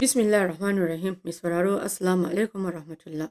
Bismillah rahman Rahim, mai sauraro Assalamu alaikum wa rahmatullah.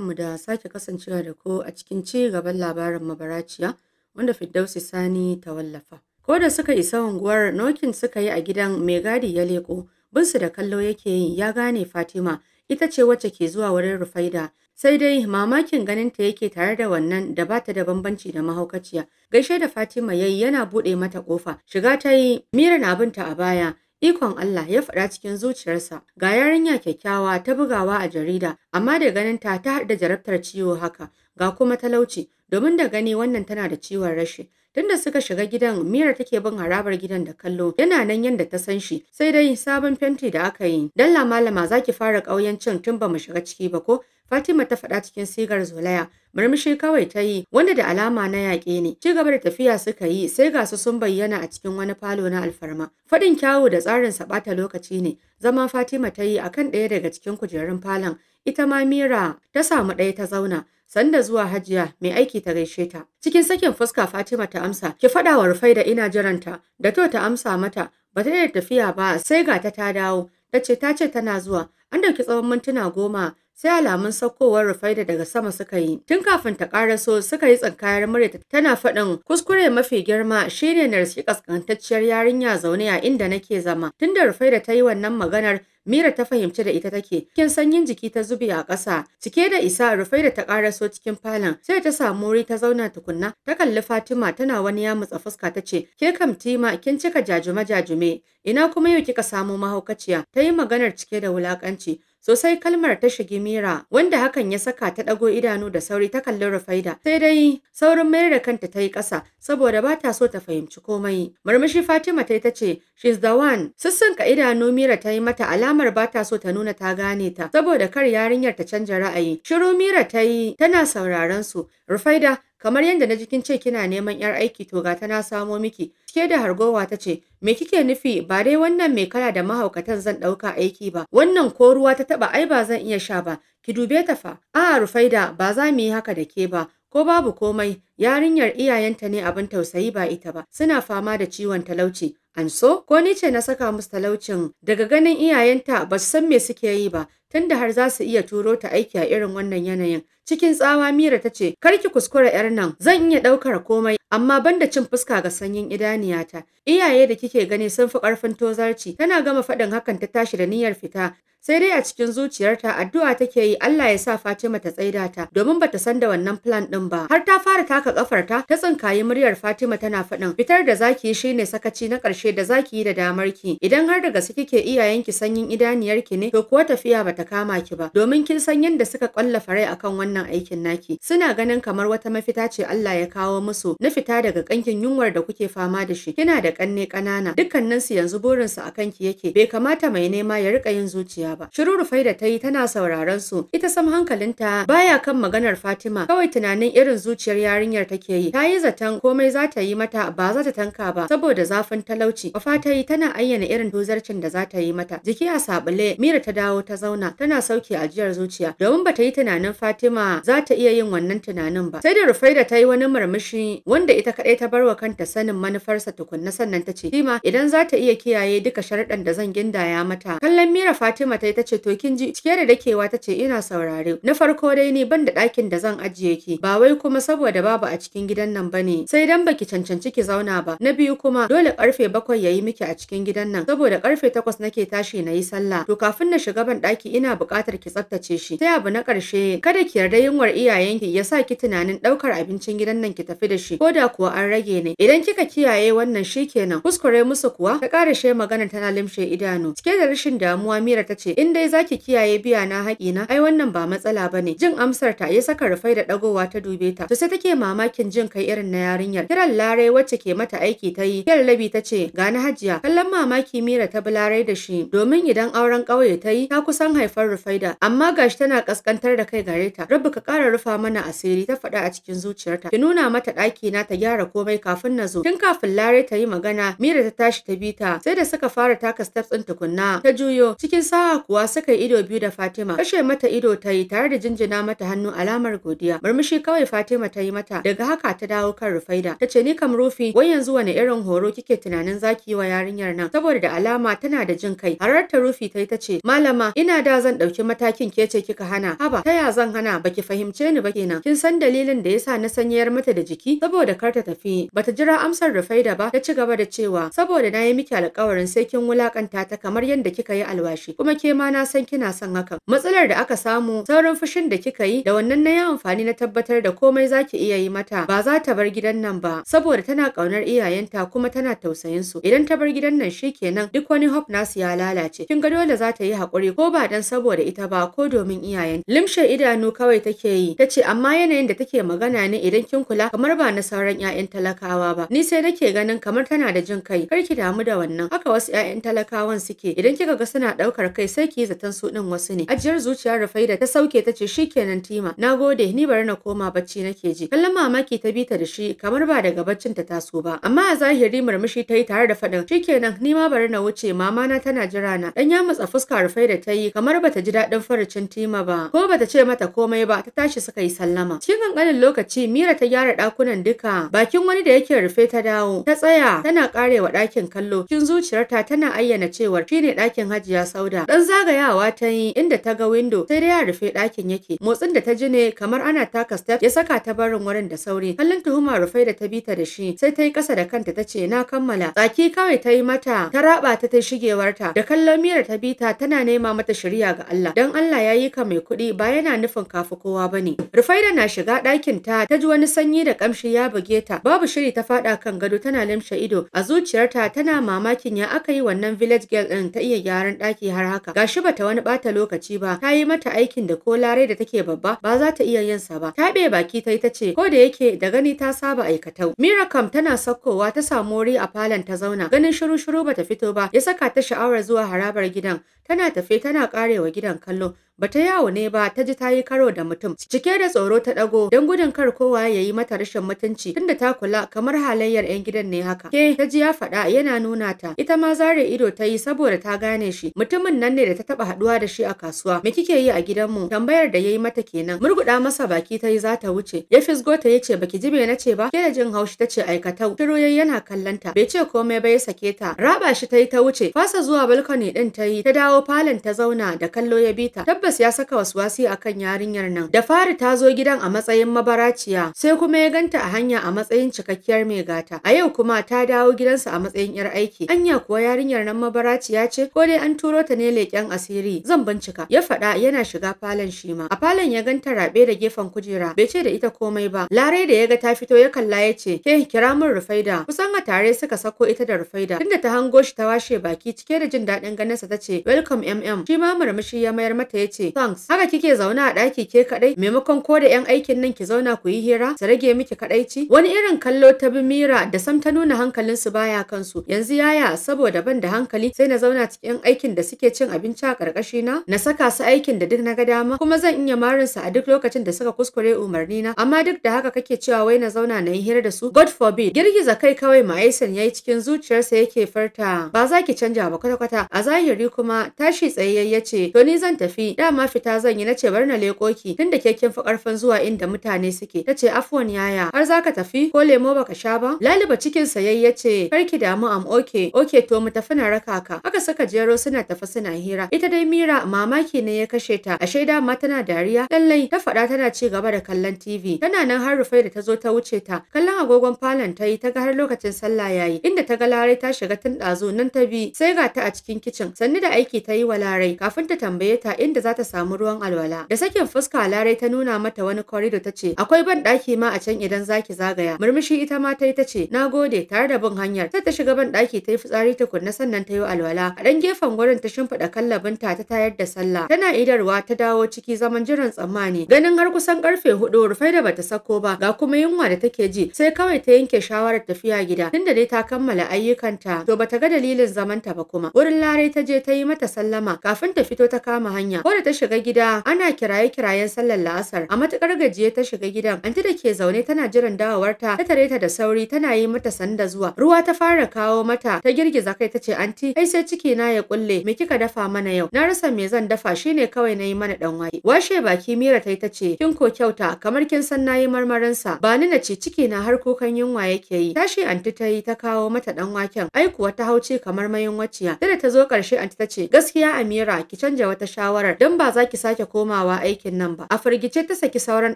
mu da sake kasancewa da ko a cikin ci gaban labarin mabaraciya wanda Firdausi Sani ta wallafa. Ko da suka isa unguwar nokin suka yi a gidan mai gadi ya leko binsu da kallo yake yi ya gane Fatima ita ce wacce ke zuwa wurin Rufaida sai dai mamakin ganin ta yake tare da wannan da ba ta da bambanci da mahaukaciya gaishe da Fatima yayi yana buɗe mata kofa shiga ta yi na abinta a baya Ikon Allah ya faɗa cikin zuciyarsa ga yarinya kyakkyawa ta bugawa a jarida amma da ganin ta ta da jarabtar ciwo haka ga kuma talauci domin da gani wannan tana da ciwon rashi Tunda suka shiga gidan Mira take bin harabar gidan da kallo yana nan yanda ta san shi sai dai sabon fenti da aka yi. Dalla malama zaki fara cin tun ba mu shiga ciki ba ko? Fatima ta faɗa cikin sigar zolaya murmushi kawai ta yi wanda da alama na yaƙe ne ci gaba da tafiya suka yi sai ga su sun bayyana a cikin wani falo na alfarma faɗin kyawu da tsarin saɓata lokaci ne zama Fatima ta yi akan ɗaya daga cikin kujerun falon ita ma Mira ta samu ɗaya ta zauna Sanda zuwa Hajiya, mai aiki ta gaishe ta. Cikin sakin fuska Fatima ta amsa, ki faɗa wa Rufai ina jiranta, da to ta amsa mata, ba ta da tafiya ba sai ga ta ta dawo, ta ce ta ce tana zuwa, an dauki tsawon mintuna goma sai alamun saukowar rufaida daga sama suka yi tun kafin ta karaso suka yi tsinkayar murya tana faɗin kuskure mafi girma shine na raski kaskantacciyar yarinya zaune a inda nake zama tunda rufaida ta yi wannan maganar Mira ta fahimci da ita take cikin sanyin jiki ta zube a ƙasa cike da isa rufai da ta ƙaraso cikin falon sai ta samu wuri ta zauna tukunna ta kalli Fatima tana wani ya mutsa fuska ta ce ke kam Tima kin cika jajume jajume ina kuma yau kika samo mahaukaciya ta yi maganar cike da wulakanci Sosai kalmar ta shige Mira, wanda hakan ya saka ta ɗago idanu da sauri ta kalli Rufaida. Sai dai saurin mayar da kanta ta yi ƙasa saboda ba ta so ta fahimci komai. Murmushi Fatima ta ta ce, "She's the one." Sussunka idanu Mira ta yi mata alamar ba ta so ta nuna ta gane ta saboda kar yarinyar ta canja ra'ayi. Shiru Mira ta yi tana sauraron su. Rufaida kamar yadda na jikin ce kina neman yar aiki to ga ta na samo miki cike da hargowa ta ce me kike nufi ba dai wannan mai kala da mahaukatan zan ɗauka aiki ba wannan ko ruwa ta taɓa ai ba zan iya sha ba ki dube ta fa a rufaida ba za mu yi haka da ke ba ko babu komai Yarinyar iyayenta ne abin tausayi ba ita ba, suna fama da ciwon talauci. An so, ko ni ce na saka musu talaucin daga ganin iyayenta ba su san me suke yi ba, tunda har za su iya turo ta aiki a irin wannan yanayin. Cikin tsawa Mira ta ce, "Kar ki kuskura 'yar nan, zan iya ɗaukar komai, amma banda cin fuska ga sanyin idaniyata." Iyaye da kike gani sun fi ƙarfin tozarci, tana gama faɗin hakan ta tashi da niyyar fita. Sai dai a cikin zuciyarta addu'a take yi Allah ya sa Fatima ta tsaida ta domin bata san da wannan plan ɗin ba. Har ta fara taka taka kafarta ta tsinkayi muryar Fatima tana faɗin fitar da zaki shine sakaci na ƙarshe da zaki yi da damar ki idan har da gaske kike iyayenki sanyin idaniyarki ne to kuwa tafiya bata kama ki ba domin kin san yadda suka kwallafa rai akan wannan aikin naki suna ganin kamar wata mafita ce Allah ya kawo musu na fita daga ƙankin yunwar da kuke fama da shi kina da ƙanne kanana dukkanin su yanzu burin su akan ki yake bai kamata mai nema ya rika yin zuciya ba shururu faida ta yi tana sauraron su ita sam hankalinta baya kan maganar Fatima kawai tunanin irin zuciyar yarinya yarinyar take yi ta yi zaton komai za ta yi mata ba za ta tanka ba saboda zafin talauci wafa ta yi tana ayyana irin tozarcin da za ta yi mata jiki a sabule mira ta dawo ta zauna tana sauke ajiyar zuciya domin ba ta yi tunanin fatima za ta iya yin wannan tunanin ba sai da rufaida ta yi wani murmushi wanda ita kaɗai ta bar wa kanta sanin manufarsa tukunna sannan ta ce kima idan za ta iya kiyaye duka sharuɗan da zan gindaya mata kallon mira fatima ta yi ta ce to kin ji cike da dakewa ta ce ina saurare na farko dai ni ban da ɗakin da zan ajiye ki ba wai kuma saboda babu a cikin gidan nan bane sai dan baki cancanci ki zauna ba na biyu kuma dole karfe bakwai yayi miki a cikin gidan nan saboda karfe takwas nake tashi na yi sallah to kafin na shiga ban daki ina buƙatar ki tsaftace shi sai abu na karshe kada ki yarda yunwar iyayenki ya sa ki tunanin ɗaukar abincin gidan nan ki tafi da shi ko da kuwa an rage ne idan kika kiyaye wannan shikenan kuskure musu kuwa ta shi magana tana limshe idanu cike da rashin damuwa mira ta ce in dai zaki kiyaye biya na haƙina ai wannan ba matsala bane jin amsar ta ya saka rufai da dagowa ta dube ta sai take mama mamakin jin kai irin na yarinyar. Kiran Lare wacce ke mata aiki ta yi, Labi ta ce, "Ga na Hajiya, kallon mamaki Mira ta bi Lare da shi, domin idan auren ƙauye ta yi, ta kusan haifar Rufaida, amma gashi tana kaskantar da kai gare ta. Rabbi ka kara rufa mana asiri," ta faɗa a cikin zuciyarta. Ki nuna mata ɗaki na ta gyara komai kafin na zo. Tun kafin Lare ta yi magana, Mira ta tashi ta bi ta, sai da suka fara taka steps ɗin tukunna. Ta juyo, cikin sa'a kuwa suka yi ido biyu da Fatima. Kashe mata ido ta yi tare da jinjina mata hannu alamar godiya. Murmushi kawai Fatima ta yi mata haka daga haka ta dawo kan Rufaida ta ce ni kam Rufi wai yanzu wani irin horo kike tunanin zaki wa yarinyar nan saboda da alama tana da jin kai hararta Rufi ta yi ta ce malama ina da zan ɗauki matakin ke kika hana haba Ta ya zan hana baki fahimce ni ba kenan kin san dalilin da yasa na sanyayar mata da jiki saboda kar ta tafi bata jira amsar Rufaida ba ta ci gaba da cewa saboda na yi miki alƙawarin sai kin wulakanta ta kamar yadda kika yi alwashi kuma ke ma na san kina son hakan matsalar da aka samu sauran fushin da kika yi da wannan na yi amfani na tabbatar da komai zaki iya yi mata ba za ta bar gidan nan ba saboda tana ƙaunar iyayenta kuma tana tausayin su idan ta bar gidan nan shikenan duk wani hop nasu ya lalace kin ga dole za ta yi hakuri ko ba dan saboda ita ba ko domin iyayen limshe idanu kawai take yi tace amma yanayin da take magana ne idan kin kula kamar ba na sauran 'ya'yan talakawa ba ni sai nake ganin kamar tana da jin kai kar ki damu da wannan haka wasu 'ya'yan talakawan suke idan kika ga suna ɗaukar kai sai ki zaton su ɗin wasu ne ajiyar zuciyar da ta sauke ta ce shikenan Tima nagode ni bari na koma bacci nake ji kallon mamaki ta bi ta da shi kamar ba daga baccin ta taso ba amma a zahiri murmushi ta yi tare da faɗin shikenan ni ma bari na wuce mama na tana jira na dan ya matsa fuska rufai da ta yi kamar ba ta ji daɗin farcin tima ba ko ba ta ce mata komai ba ta tashi suka yi sallama cikin kankanin lokaci mira ta gyara ɗakunan duka bakin wani da yake rufe ta dawo ta tsaya tana karewa ɗakin kallo cikin zuciyarta tana ayyana cewar ne ɗakin hajiya sauda dan zagayawa ta yi inda ta ga windo sai dai ya rufe ɗakin yake motsin da ta ji ne kamar ana taka step ya saka ta barin wurin da sauri kallon tuhuma rufai da ta bi da shi sai ta yi ƙasa da kanta ta ce na kammala tsaki kawai ta yi mata ta raba ta ta shigewarta da kallon miyar ta bi tana nema mata shirya ga Allah dan Allah ya yi ka mai kuɗi ba yana nufin kafi kowa bane Rufaida na shiga ɗakin ta ta ji wani sanyi da kamshi ya buge ta babu shiri ta faɗa kan gado tana limshe ido a zuciyarta tana mamakin ya aka yi wannan village girl ɗin ta iya gyaran ɗaki har haka gashi bata wani bata lokaci ba ta yi mata aikin da ko Larai da take babba ba za ta iya yin sa ba ta baki ta yi ta ce ko da yake da gani ta saba aikatau. Mira kam tana saukowa ta samu wuri a falon ta zauna ganin shiru-shiru bata fito ba ya saka ta sha'awar zuwa harabar gidan tana tafe tana karewa gidan kallo bata yawo ne ba ta ji ta yi karo da mutum cike da tsoro ta dago don gudun kar kowa ya yi mata rashin mutunci tunda ta kula kamar halayyar yan gidan ne haka ke ta ji ya faɗa yana nuna ta ita ma zare ido ta yi saboda ta gane shi mutumin nan ne da ta taba haduwa da shi a kasuwa me kike yi a gidanmu tambayar da yayi mata kenan murguda masa baki ta yi za ta wuce ya fisgo ta yace baki ji me ce ba ke da jin haushi ta ce aikatau shiru yayi yana kallanta bai ce komai ba ya sake ta raba shi ta yi ta wuce fasa zuwa balkoni din ta yi ta dawo falon ta zauna da kallo ya bi ta tabbas Lucas ya saka waswasi akan yarinyar nan. Da fari ta zo gidan a matsayin mabaraciya, sai kuma ya ganta a hanya a matsayin cikakkiyar mai gata. A yau kuma ta dawo gidansa a matsayin yar aiki. Anya kuwa yarinyar nan mabaraciya ce ko dai an turo ta ne leƙen asiri. Zan bincika. Ya faɗa yana shiga falon shi ma. A falon ya ganta raɓe da gefen kujera, bai ce da ita komai ba. Larai da ya ga ta fito ya kalla ya ce, "Ke kira min Rufaida." Kusan a tare suka sako ita da Rufaida. Tunda ta hango shi ta washe baki cike da jin daɗin ganinsa ta ce, "Welcome MM." Shi ma murmushi ya mayar mata ya ce, ce, "Thanks, haka kike zaune a ɗaki ke kaɗai maimakon ko da 'yan aikin nan ki zauna ku yi hira su rage miki kaɗaici?" Wani irin kallo ta bi Mira da sam ta nuna hankalin su baya kansu. Yanzu yaya saboda ban da hankali sai na zauna cikin aikin da suke cin abinci a ƙarƙashina, na, na saka su aikin da duk na ga dama kuma zan iya marin su a duk lokacin da suka kuskure umarni na. Amma duk da haka kake cewa wai na zauna na yi hira da su. God forbid. Girgiza kai kawai ya yayi cikin zuciyarsa yake farta. Ba za ki canja ba kwata-kwata. A zahiri kuma tashi tsayayye "To ni zan tafi." Da dama fita zan yi nace bar na leko ki tunda ke kin fi karfin zuwa inda mutane suke tace afwan yaya har zaka tafi ko lemo baka sha ba laliba cikin sayayya ce ki damu am oke oke to mu tafi na raka ka aka saka jero suna tafi suna hira ita dai mira mamaki ne ya kashe ta a ashe ma tana dariya lallai ta faɗa tana ci gaba da kallon tv tana nan har rufai da ta zo ta wuce ta kallon agogon falon ta yi ta ga har lokacin sallah yayi inda ta ga larai ta shiga tun ɗazu nan ta bi sai ga ta a cikin kicin sannu da aiki ta yi wa larai kafin ta tambaye ta inda za ta samu ruwan alwala. Da sakin fuska Larai ta nuna mata wani korido ta ce akwai ban ɗaki ma a can idan zaki zagaya. Murmushi ita ma ta yi ta ce na gode tare da bin hanyar. Sai ta shiga ban ɗaki ta yi fitsari tukunna sannan ta yi alwala. A ɗan gefen wurin ta shimfiɗa kallabinta ta tayar da sallah. Tana idarwa ta dawo ciki zaman jiran tsammani. Ganin har kusan karfe hudu rufai da bata sako ba ga kuma yunwa da take ji sai kawai ta yanke shawarar tafiya gida. Tunda dai ta kammala ayyukanta to bata ga dalilin zamanta ba kuma. Wurin Larai ta je ta yi mata sallama kafin ta fito ta kama hanya. Ko da ta shiga gida ana kiraye-kirayen sallar la'asar. A matukar gajiye ta shiga gidan, anti da ke zaune tana jiran dawowarta ta tare ta da sauri tana yi mata sanda zuwa. Ruwa ta fara kawo mata ta girgiza kai ta ce anti ai sai ciki na ya kulle me kika dafa mana yau? Na rasa me zan dafa shine kawai na yi mana dan wake. Washe baki Mira tai ta ce kin ko kyauta kamar kin san na yi marmarin sa. Ba ni na ce ciki na har kukan yunwa yake yi. Tashi anti ta yi ta kawo mata dan waken. Ai kuwa ta hauce kamar mayin waciya. Da ta zo karshe anti ta ce gaskiya Amira ki canja wata shawarar. don ba za ki sake komawa aikin nan ba a firgice ta saki sauran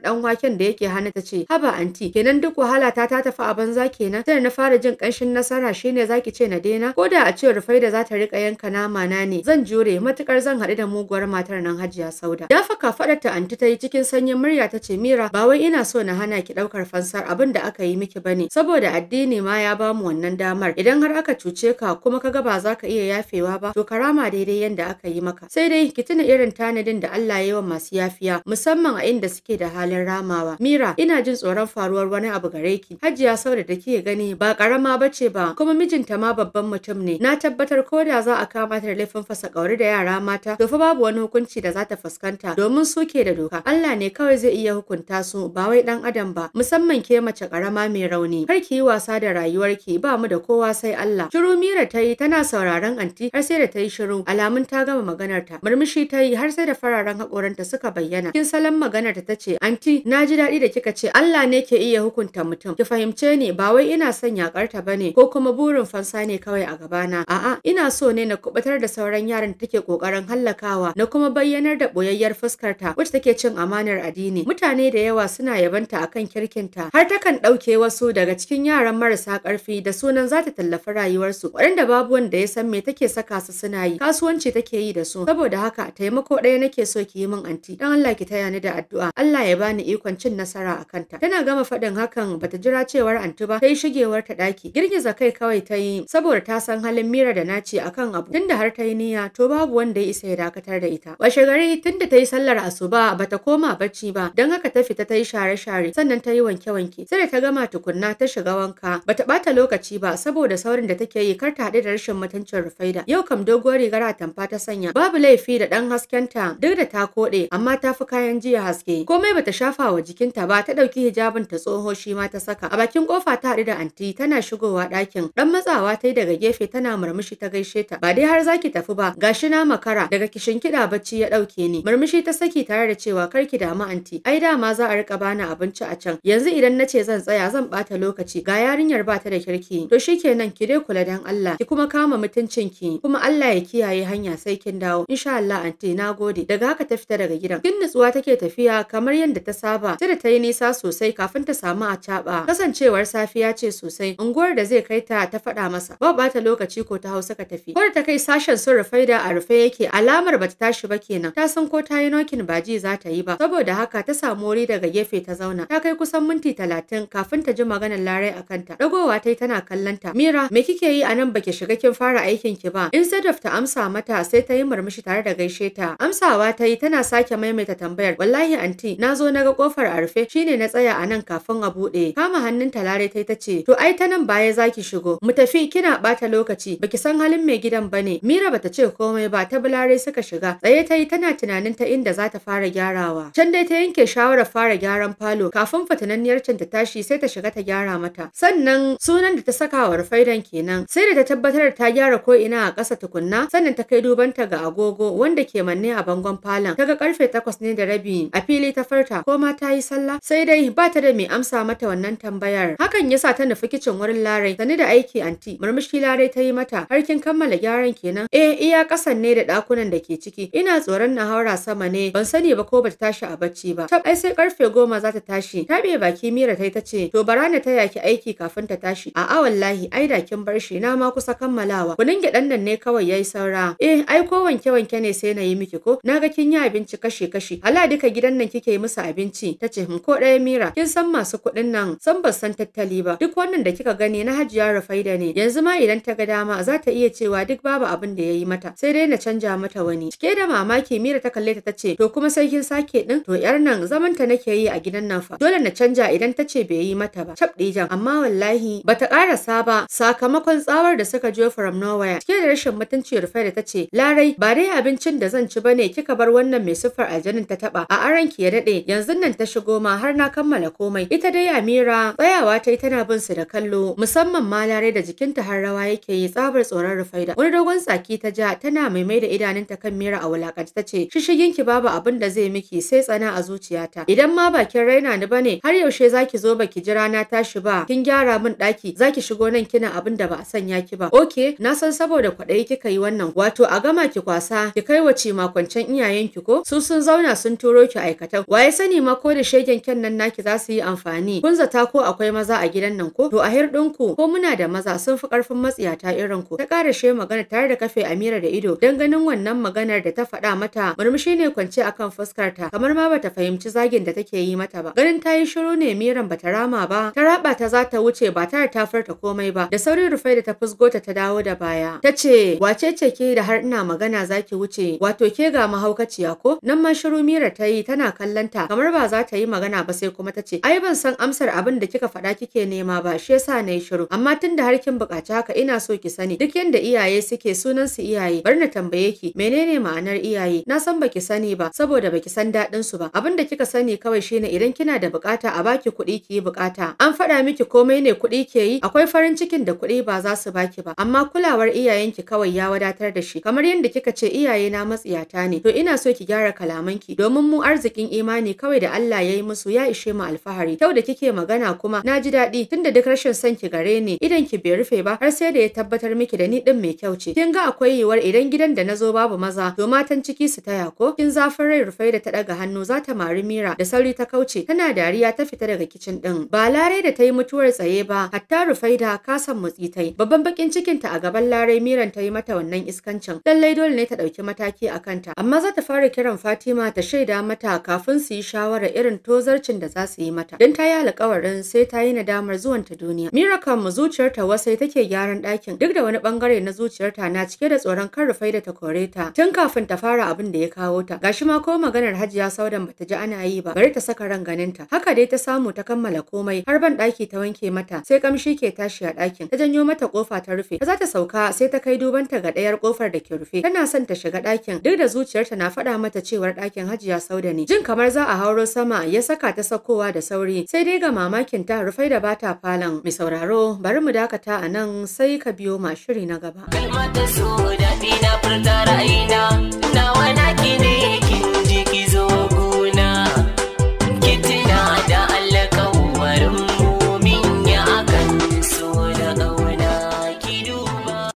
dan waken da yake hana ta ce haba anti kenan duk wahala ta ta tafi a banza kenan Tana na fara jin kanshin nasara shine zaki ce na daina ko da a ce rufai da za ta rika yanka nama na ne zan jure matukar zan haɗu da muguwar matar nan hajiya sauda ya faka faɗar ta anti ta yi cikin sanyin murya ta ce mira ba wai ina so na hana ki ɗaukar fansar abin da aka yi miki bane saboda addini ma ya bamu wannan damar idan har aka cuce ka kuma kaga ba za ka iya yafewa ba to karama daidai yanda aka yi maka sai dai ki tuna irin tanadin da Allah ya yi wa masu yafiya musamman a inda suke da halin ramawa. Mira, ina jin tsoron faruwar wani abu gare ki. Hajiya saboda da kike gani ba karama bace ba kuma mijinta ma babban mutum ne. Na tabbatar ko da za a kama ta da laifin fasa kauri da yara mata, to fa babu wani hukunci da za ta fuskanta domin su ke da doka. Allah ne kawai zai iya hukunta su ba wai dan adam ba, musamman ke mace karama mai rauni. Kar ki yi wasa da rayuwarki ba mu da kowa sai Allah. Shiru Mira ta yi tana sauraron anti har sai da ta yi shiru alamun ta gama maganarta. Murmushi ta har sai da fararen haƙoranta suka bayyana. Kin salon maganar ta ce, "Anti, na ji daɗi da kika ce Allah ne ke iya hukunta mutum. Ki fahimce ni ba wai ina son yakarta ne. ko kuma burin fansa ne kawai a gabana. A'a, ina so ne na kubutar da sauran yaran take kokarin hallakawa na kuma bayyanar da ɓoyayyar fuskarta wacce take cin amanar addini. Mutane da yawa suna yabanta akan kirkinta har takan ɗauke wasu daga cikin yaran marasa ƙarfi da sunan za ta tallafi rayuwarsu waɗanda babu wanda ya san me take saka su suna yi kasuwanci take yi da su saboda haka taimako ɗaya nake so ki yi min anti dan Allah ki taya ni da addu'a Allah ya bani ikon cin nasara a kanta tana gama faɗin hakan bata jira cewar anti ba tayi shigewar ta ɗaki girgiza kai kawai ta yi saboda ta san halin Mira da Naci akan abu tunda har ta yi niyya to babu wanda ya isa ya dakatar da ita washe gari tunda ta yi sallar asuba bata koma bacci ba dan haka ta fita ta yi share-share sannan ta yi wanke-wanke sai da ta gama tukunna ta shiga wanka bata ɓata lokaci ba saboda saurin da take yi kar ta haɗu da rashin mutuncin Rufaida yau kam doguwar rigar atamfa ta sanya babu laifi da ɗan hasken jikinta duk da ta koɗe amma ta fi kayan jiya haske komai bata shafa wa jikinta ba ta ɗauki hijabin ta tsoho shi ma ta saka a bakin kofa ta haɗu da anti tana shigowa ɗakin ɗan matsawa ta yi daga gefe tana murmushi ta gaishe ta ba dai har zaki tafi ba gashi na makara daga kishin kiɗa bacci ya ɗauke ni murmushi ta saki tare da cewa kar ki damu anti ai dama za a rika bani abinci a can yanzu idan na ce zan tsaya zan ɓata lokaci ga yarinyar ba ta da kirki to shikenan ki dai kula dan Allah ki kuma kama mutuncin ki kuma Allah ya kiyaye hanya sai kin dawo insha Allah anti nagode gode daga haka ta fita daga gidan kin nutsuwa take tafiya kamar yadda ta saba sai da ta yi nisa sosai kafin ta samu a caba kasancewar safiya ce sosai unguwar da zai kai ta ta faɗa masa ba bata lokaci ko ta hausa ka tafi ko ta kai sashen sun rufai da a rufe yake alamar bata tashi ba kenan ta san ko ta yi nokin ba ji za ta yi ba saboda haka ta samu wuri daga gefe ta zauna ta kai kusan minti talatin kafin ta ji maganar larai a kanta dagowa ta yi tana kallon ta mira me kike yi a nan baki shiga kin fara aikin ki ba instead of ta amsa mata sai ta yi murmushi tare da gaishe ta Amsawa ta yi tana sake maimaita tambayar. Wallahi anti, na zo na ga kofar a rufe shine na tsaya a nan kafin a buɗe. Kama hannun ta Lare ta ta ce, "To ai ta nan baya zaki shigo. Mu tafi kina bata lokaci. Baki san halin mai gidan bane." Mira bata ce komai ba, ta bulare suka shiga. Tsaye ta yi tana tunanin ta inda za ta fara gyarawa. Can dai ta yanke shawarar fara gyaran falo kafin fatananniyar can ta tashi sai ta shiga ta gyara mata. Sannan sunan da ta saka wa rufaidan kenan. Sai da ta tabbatar ta gyara ko ina a ƙasa tukunna, sannan ta kai duban ta ga agogo wanda ke manne a bangon falon ta ga karfe takwas ne da rabi a fili ta farta ko ma ta yi sallah sai dai ba ta da mai amsa mata wannan tambayar hakan ya sa ta nufi kicin wurin larai sani da aiki anti murmushi larai ta yi mata har kin kammala gyaran kenan eh iya kasan ne da dakunan da ke ciki ina tsoron na haura sama ne ban sani ba ko ba ta tashi a bacci ba ta ai sai karfe goma za ta tashi ta be baki mira ta ce. to barana ta yaki aiki kafin ta tashi a'a wallahi ai da kin bar shi na ma kusa kammalawa kunin gidan nan ne kawai yayi saura eh ai ko wanke wanke ne sai na yi miki ko naga kin yi abinci kashe-kashe. ala duka gidan nan kike yi musu abinci tace ce hmm, ko ɗaya mira kin san masu kuɗin nan san ban san tattali ba duk wannan da kika gani na hajiya Rufaida ne yanzu ma idan ta ga dama za ta iya cewa duk babu abin da yayi mata sai dai na canja mata wani cike da mamaki mira ta kalle ta tace to kuma sai kin sake din to yar nan zaman ta nake yi a gidan nan fa dole na canja idan tace bai yi mata ba cap jan amma wallahi bata karasa ba sakamakon tsawar da suka je from nowhere cike da rashin mutunci Rufaida tace larai ba dai abincin da zan ci ba bane kika bar wannan mai siffar aljanin ta taba a aran ki ya dade yanzu nan ta shigo ma har na kammala komai ita dai Amira tsayawa ta yi tana bin su da kallo musamman ma lare da jikinta har rawa yake yi tsabar tsoron Rufaida wani dogon tsaki ta ja tana mai da idanunta kan Mira a wulakanci tace shishigin ki babu abin da zai miki sai tsana a zuciyata idan ma bakin raina ni bane har yaushe zaki zo baki jira na tashi ba kin gyara min daki zaki shigo nan kina abin da ba a sanya ki ba okay na san saboda kwaɗayi kika yi wannan wato a gama ki kwasa ki kai wa ci kwancen iyayenki ko su sun zauna sun turo ki aikatan waye sani ma ko da shegen kyan nan naki za su yi amfani kun zata ko akwai maza a gidan nan ko to a hirɗinku ko muna da maza sun fi matsiya matsiyata irin ku ta she magana tare da kafe Amira da ido dan ganin wannan maganar da ta faɗa mata murmushi ne kwance akan fuskar ta kamar ma bata fahimci zagin da take yi mata ba ganin ta yi shiru ne Miran bata rama ba ta raba ta za ta wuce ba tare ta farta komai ba da sauri rufai da ta fusgo ta ta dawo da baya ta ce wace ce ke da har ina magana zaki wuce wato ke ma ga mahaukaciya ko nan ma shiru mira ta yi tana kallon ta kamar ba za ta yi magana ba sai kuma ta ce ai ban san amsar abin da kika faɗa kike nema ba shi yasa na yi shiru amma tun da har kin buƙaci haka ina so ki sani duk yanda iyaye suke sunan su iyaye bar na tambaye ki menene ma'anar iyaye na san baki sani ba saboda baki san daɗin su ba abin da kika sani kawai shine idan kina da buƙata a baki kuɗi ki yi buƙata an faɗa miki komai ne kuɗi ke yi akwai farin cikin da kuɗi ba za su baki ba amma kulawar iyayenki kawai ya wadatar da shi kamar yadda kika ce iyaye na matsiyata ne to ina so ki gyara kalamanki domin mu arzikin imani kawai da Allah ya yi musu ya ishe mu alfahari kyau da kike magana kuma na ji daɗi tunda duk rashin son ki gare ni idan ki bai rufe ba har sai da ya tabbatar miki da ni din mai kyau ce kin ga akwai yiwuwar idan gidan da nazo babu maza to matan ciki su taya ko kin zafin rai rufai da ta daga hannu za ta mari mira da sauri ta kauce tana dariya ta fita daga kicin ɗin. ba lare da ta yi mutuwar tsaye ba hatta rufai da kasan mutsi tai babban bakin cikinta a gaban lare miran ta yi mata wannan iskancin lallai dole ne ta dauki mataki a kanta ta, amma za ta fara kiran Fatima ta shaida mata kafin su yi shawara irin tozarcin da za su yi mata. Don ta yi alƙawarin sai ta yi nadamar zuwanta duniya. Mira kan mu zuciyarta wasai take gyaran ɗakin duk da wani ɓangare na zuciyarta na cike da tsoron kan rufai da ta kore ta tun kafin ta fara abin da ya kawo ta. Gashi ma ko maganar Hajiya Saudan bata ji ana yi ba bari ta saka ran ganin ta Haka dai ta samu ta kammala komai har ban ɗaki ta wanke mata sai kamshi ke tashi a ɗakin. Ta janyo mata kofa ta rufe. Ta za ta sauka sai ta kai duban ta ga ɗayar kofar da ke rufe. Tana son ta shiga ɗakin duk da zuciyarta na faɗa mata cewar ɗakin Hajiya Sauda ne. Jin kamar za a hauro sama ya saka ta sakowa da sauri sai dai ga mamakin ta rufai da bata falon. Mai sauraro bari mu dakata a nan sai ka biyo ma shiri na gaba. Kalmar da na furta ra'ayina nawa naki ne